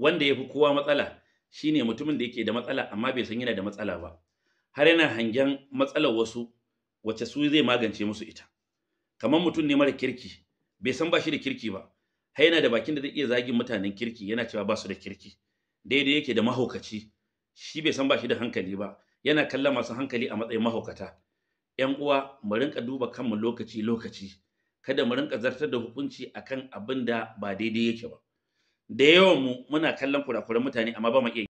wanda ya fi kowa matsala shi ne mutumin da yake da matsala amma bai san yana da matsala ba har yana hangen matsalar wasu wacce su zai magance musu ita kamar mutum ne mara kirki bai san ba shi da kirki ba har yana da bakin da zai iya zagin mutanen kirki yana cewa ba su da kirki daidai yake da mahaukaci shi bai san ba shi da hankali ba yana kallon masu hankali a matsayin mahaukata yan uwa mu rinka duba kanmu lokaci lokaci kada mu rinka zartar da hukunci akan abin da ba daidai yake ba da yawan mu muna kallon kurakuran mutane amma ba mu iya